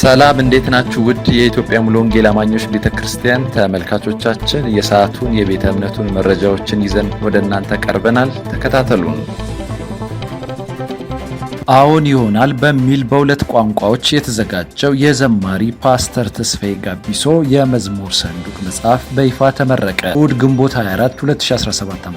ሰላም እንዴት ናችሁ? ውድ የኢትዮጵያ ሙሉ ወንጌል አማኞች ቤተ ክርስቲያን ተመልካቾቻችን የሰዓቱን የቤተ እምነቱን መረጃዎችን ይዘን ወደ እናንተ ቀርበናል። ተከታተሉን። አዎን ይሆናል በሚል በሁለት ቋንቋዎች የተዘጋጀው የዘማሪ ፓስተር ተስፋዬ ጋቢሶ የመዝሙር ሰንዱቅ መጽሐፍ በይፋ ተመረቀ። እሁድ ግንቦት 24 2017 ዓ ም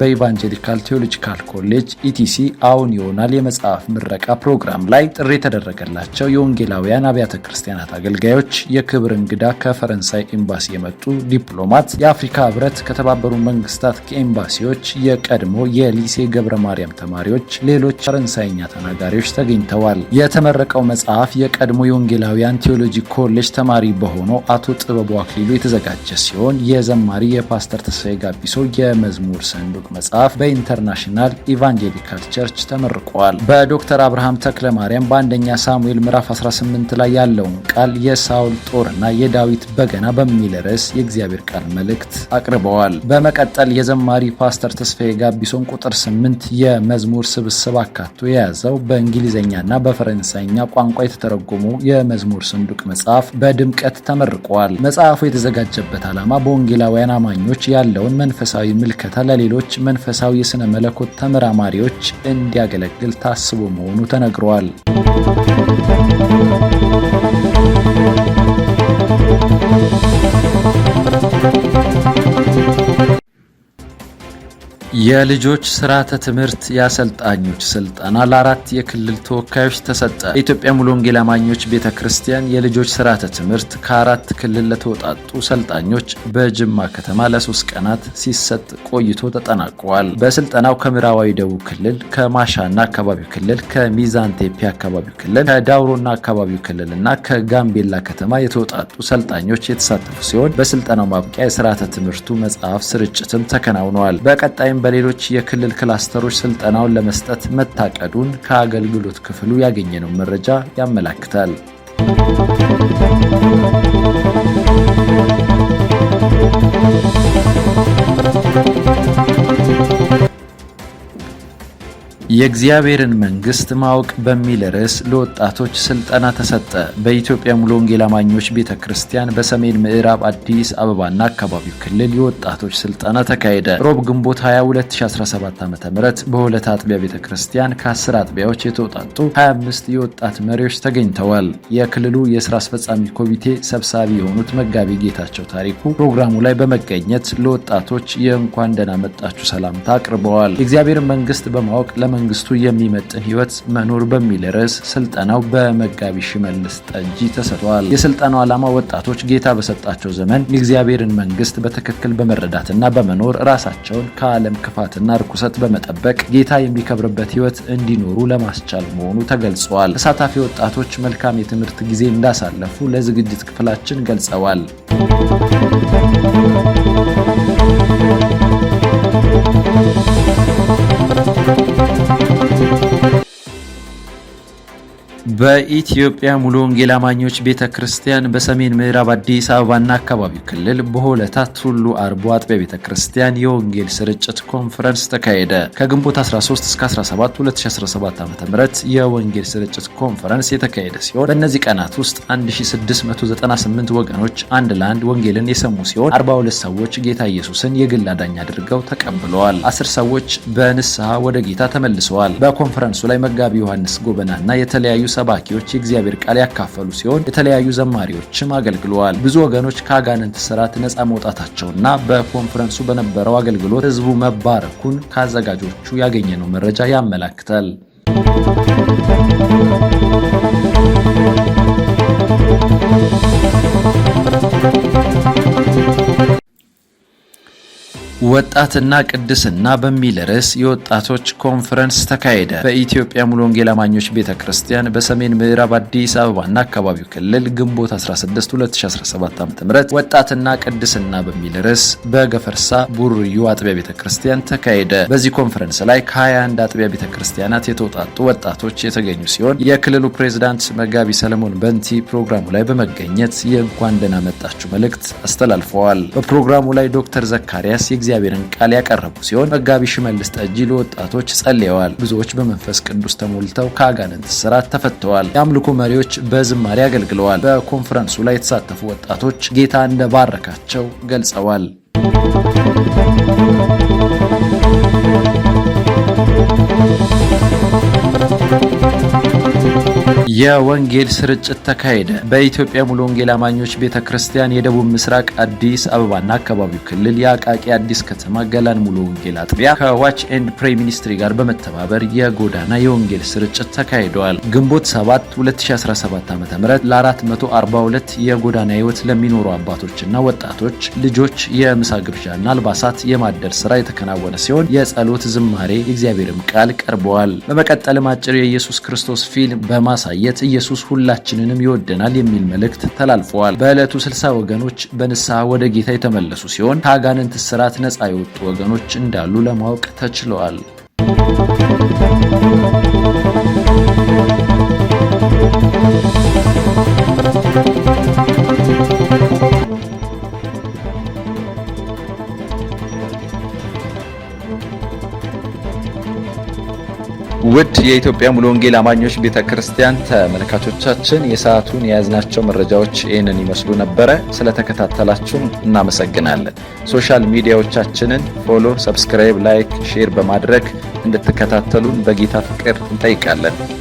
በኢቫንጀሊካል ቴዎሎጂካል ኮሌጅ ኢቲሲ አዎን ይሆናል የመጽሐፍ ምረቃ ፕሮግራም ላይ ጥሪ የተደረገላቸው የወንጌላውያን አብያተ ክርስቲያናት አገልጋዮች፣ የክብር እንግዳ ከፈረንሳይ ኤምባሲ የመጡ ዲፕሎማት፣ የአፍሪካ ህብረት ከተባበሩ መንግስታት ከኤምባሲዎች፣ የቀድሞ የሊሴ ገብረ ማርያም ተማሪዎች፣ ሌሎች ፈረንሳይኛ ተናጋሪዎች ተገኝተዋል። የተመረቀው መጽሐፍ የቀድሞ የወንጌላውያን ቴዎሎጂ ኮሌጅ ተማሪ በሆነው አቶ ጥበቡ አክሊሉ የተዘጋጀ ሲሆን የዘማሪ የፓስተር ተስፋዬ ጋቢሶ የመዝሙር ሰንዱቅ መጽሐፍ በኢንተርናሽናል ኢቫንጀሊካል ቸርች ተመርቋል። በዶክተር አብርሃም ተክለ ማርያም በአንደኛ ሳሙኤል ምዕራፍ 18 ላይ ያለውን ቃል የሳውል ጦርና የዳዊት በገና በሚል ርዕስ የእግዚአብሔር ቃል መልእክት አቅርበዋል። በመቀጠል የዘማሪ ፓስተር ተስፋዬ ጋቢሶን ቁጥር 8 የመዝሙር ስብስብ አካቶ የያዘ ተዘጋጅተው በእንግሊዝኛና በፈረንሳይኛ ቋንቋ የተተረጎሙ የመዝሙር ሰንዱቅ መጽሐፍ በድምቀት ተመርቋል። መጽሐፉ የተዘጋጀበት ዓላማ በወንጌላውያን አማኞች ያለውን መንፈሳዊ ምልከታ ለሌሎች መንፈሳዊ የሥነ መለኮት ተመራማሪዎች እንዲያገለግል ታስቦ መሆኑ ተነግሯል። Thank you. የልጆች ስርዓተ ትምህርት የአሰልጣኞች ስልጠና ለአራት የክልል ተወካዮች ተሰጠ። የኢትዮጵያ ሙሉ ወንጌል አማኞች ቤተ ክርስቲያን የልጆች ስርዓተ ትምህርት ከአራት ክልል ለተወጣጡ ሰልጣኞች በጅማ ከተማ ለሶስት ቀናት ሲሰጥ ቆይቶ ተጠናቋል። በስልጠናው ከምዕራባዊ ደቡብ ክልል፣ ከማሻና አካባቢው ክልል፣ ቴፒ አካባቢው ክልል፣ ከዳውሮና አካባቢው ክልል እና ከጋምቤላ ከተማ የተወጣጡ ሰልጣኞች የተሳተፉ ሲሆን በስልጠናው ማብቂያ የስርዓተ ትምህርቱ መጽሐፍ ስርጭትም ተከናውነዋል። በቀጣይም በሌሎች የክልል ክላስተሮች ስልጠናውን ለመስጠት መታቀዱን ከአገልግሎት ክፍሉ ያገኘነው መረጃ ያመላክታል። የእግዚአብሔርን መንግስት ማወቅ በሚል ርዕስ ለወጣቶች ስልጠና ተሰጠ። በኢትዮጵያ ሙሉ ወንጌል አማኞች ቤተ ክርስቲያን በሰሜን ምዕራብ አዲስ አበባና አካባቢው ክልል የወጣቶች ስልጠና ተካሄደ። ሮብ ግንቦት 22 2017 ዓ ም በሁለት አጥቢያ ቤተ ክርስቲያን ከ10 አጥቢያዎች የተውጣጡ 25 የወጣት መሪዎች ተገኝተዋል። የክልሉ የስራ አስፈጻሚ ኮሚቴ ሰብሳቢ የሆኑት መጋቢ ጌታቸው ታሪኩ ፕሮግራሙ ላይ በመገኘት ለወጣቶች የእንኳን ደህና መጣችሁ ሰላምታ አቅርበዋል። የእግዚአብሔርን መንግስት በማወቅ ለመ መንግስቱ የሚመጥን ህይወት መኖር በሚል ርዕስ ስልጠናው በመጋቢ ሽመልስ ጠጅ ተሰጥቷል። የስልጠናው ዓላማ ወጣቶች ጌታ በሰጣቸው ዘመን የእግዚአብሔርን መንግስት በትክክል በመረዳትና በመኖር ራሳቸውን ከዓለም ክፋትና ርኩሰት በመጠበቅ ጌታ የሚከብርበት ህይወት እንዲኖሩ ለማስቻል መሆኑ ተገልጿል። ተሳታፊ ወጣቶች መልካም የትምህርት ጊዜ እንዳሳለፉ ለዝግጅት ክፍላችን ገልጸዋል። Thank you. በኢትዮጵያ ሙሉ ወንጌል አማኞች ቤተ ክርስቲያን በሰሜን ምዕራብ አዲስ አበባና አካባቢው ክልል በሆለታ ቱሉ አርቦ አጥቢያ ቤተ ክርስቲያን የወንጌል ስርጭት ኮንፈረንስ ተካሄደ። ከግንቦት 13 እስከ 17 2017 ዓ ም የወንጌል ስርጭት ኮንፈረንስ የተካሄደ ሲሆን በእነዚህ ቀናት ውስጥ 1698 ወገኖች አንድ ለአንድ ወንጌልን የሰሙ ሲሆን 42 ሰዎች ጌታ ኢየሱስን የግል አዳኝ አድርገው ተቀብለዋል። 10 ሰዎች በንስሐ ወደ ጌታ ተመልሰዋል። በኮንፈረንሱ ላይ መጋቢ ዮሐንስ ጎበና እና የተለያዩ ሰባ ሰባኪዎች የእግዚአብሔር ቃል ያካፈሉ ሲሆን የተለያዩ ዘማሪዎችም አገልግለዋል። ብዙ ወገኖች ከአጋንንት ስርዓት ነጻ መውጣታቸውና በኮንፈረንሱ በነበረው አገልግሎት ህዝቡ መባረኩን ከአዘጋጆቹ ያገኘነው መረጃ ያመላክታል። ወጣትና ቅድስና በሚል ርዕስ የወጣቶች ኮንፈረንስ ተካሄደ። በኢትዮጵያ ሙሉ ወንጌል አማኞች ቤተ ክርስቲያን በሰሜን ምዕራብ አዲስ አበባና አካባቢው ክልል ግንቦት 16 2017 ም ወጣትና ቅድስና በሚል ርዕስ በገፈርሳ ቡርዩ አጥቢያ ቤተ ክርስቲያን ተካሄደ። በዚህ ኮንፈረንስ ላይ ከ21 አጥቢያ ቤተ ክርስቲያናት የተውጣጡ ወጣቶች የተገኙ ሲሆን የክልሉ ፕሬዝዳንት መጋቢ ሰለሞን በንቲ ፕሮግራሙ ላይ በመገኘት የእንኳን ደህና መጣችሁ መልእክት አስተላልፈዋል። በፕሮግራሙ ላይ ዶክተር ዘካሪያስ የእግዚአብሔር የእግዚአብሔርን ቃል ያቀረቡ ሲሆን መጋቢ ሽመልስ ጠጅ ለወጣቶች ጸልየዋል። ብዙዎች በመንፈስ ቅዱስ ተሞልተው ከአጋንንት ስራት ተፈተዋል። የአምልኮ መሪዎች በዝማሬ አገልግለዋል። በኮንፈረንሱ ላይ የተሳተፉ ወጣቶች ጌታ እንደባረካቸው ገልጸዋል። የወንጌል ስርጭት ተካሄደ። በኢትዮጵያ ሙሉ ወንጌል አማኞች ቤተ ክርስቲያን የደቡብ ምስራቅ አዲስ አበባና አካባቢው ክልል የአቃቂ አዲስ ከተማ ገላን ሙሉ ወንጌል አጥቢያ ከዋች ኤንድ ፕሬይ ሚኒስትሪ ጋር በመተባበር የጎዳና የወንጌል ስርጭት ተካሂደዋል። ግንቦት 7 2017 ዓ ም ለ442 የጎዳና ህይወት ለሚኖሩ አባቶችና ወጣቶች ልጆች የምሳ ግብዣና አልባሳት የማደር ስራ የተከናወነ ሲሆን የጸሎት ዝማሬ፣ የእግዚአብሔርም ቃል ቀርበዋል። በመቀጠልም አጭር የኢየሱስ ክርስቶስ ፊልም በማሳየ በማሳየት ኢየሱስ ሁላችንንም ይወደናል የሚል መልእክት ተላልፈዋል። በዕለቱ 60 ወገኖች በንስሐ ወደ ጌታ የተመለሱ ሲሆን ከአጋንንት እስራት ነፃ የወጡ ወገኖች እንዳሉ ለማወቅ ተችለዋል። ውድ የኢትዮጵያ ሙሉ ወንጌል አማኞች ቤተ ክርስቲያን ተመልካቾቻችን የሰዓቱን የያዝናቸው መረጃዎች ይህንን ይመስሉ ነበረ። ስለተከታተላችሁን እናመሰግናለን። ሶሻል ሚዲያዎቻችንን ፎሎ፣ ሰብስክራይብ፣ ላይክ፣ ሼር በማድረግ እንድትከታተሉን በጌታ ፍቅር እንጠይቃለን።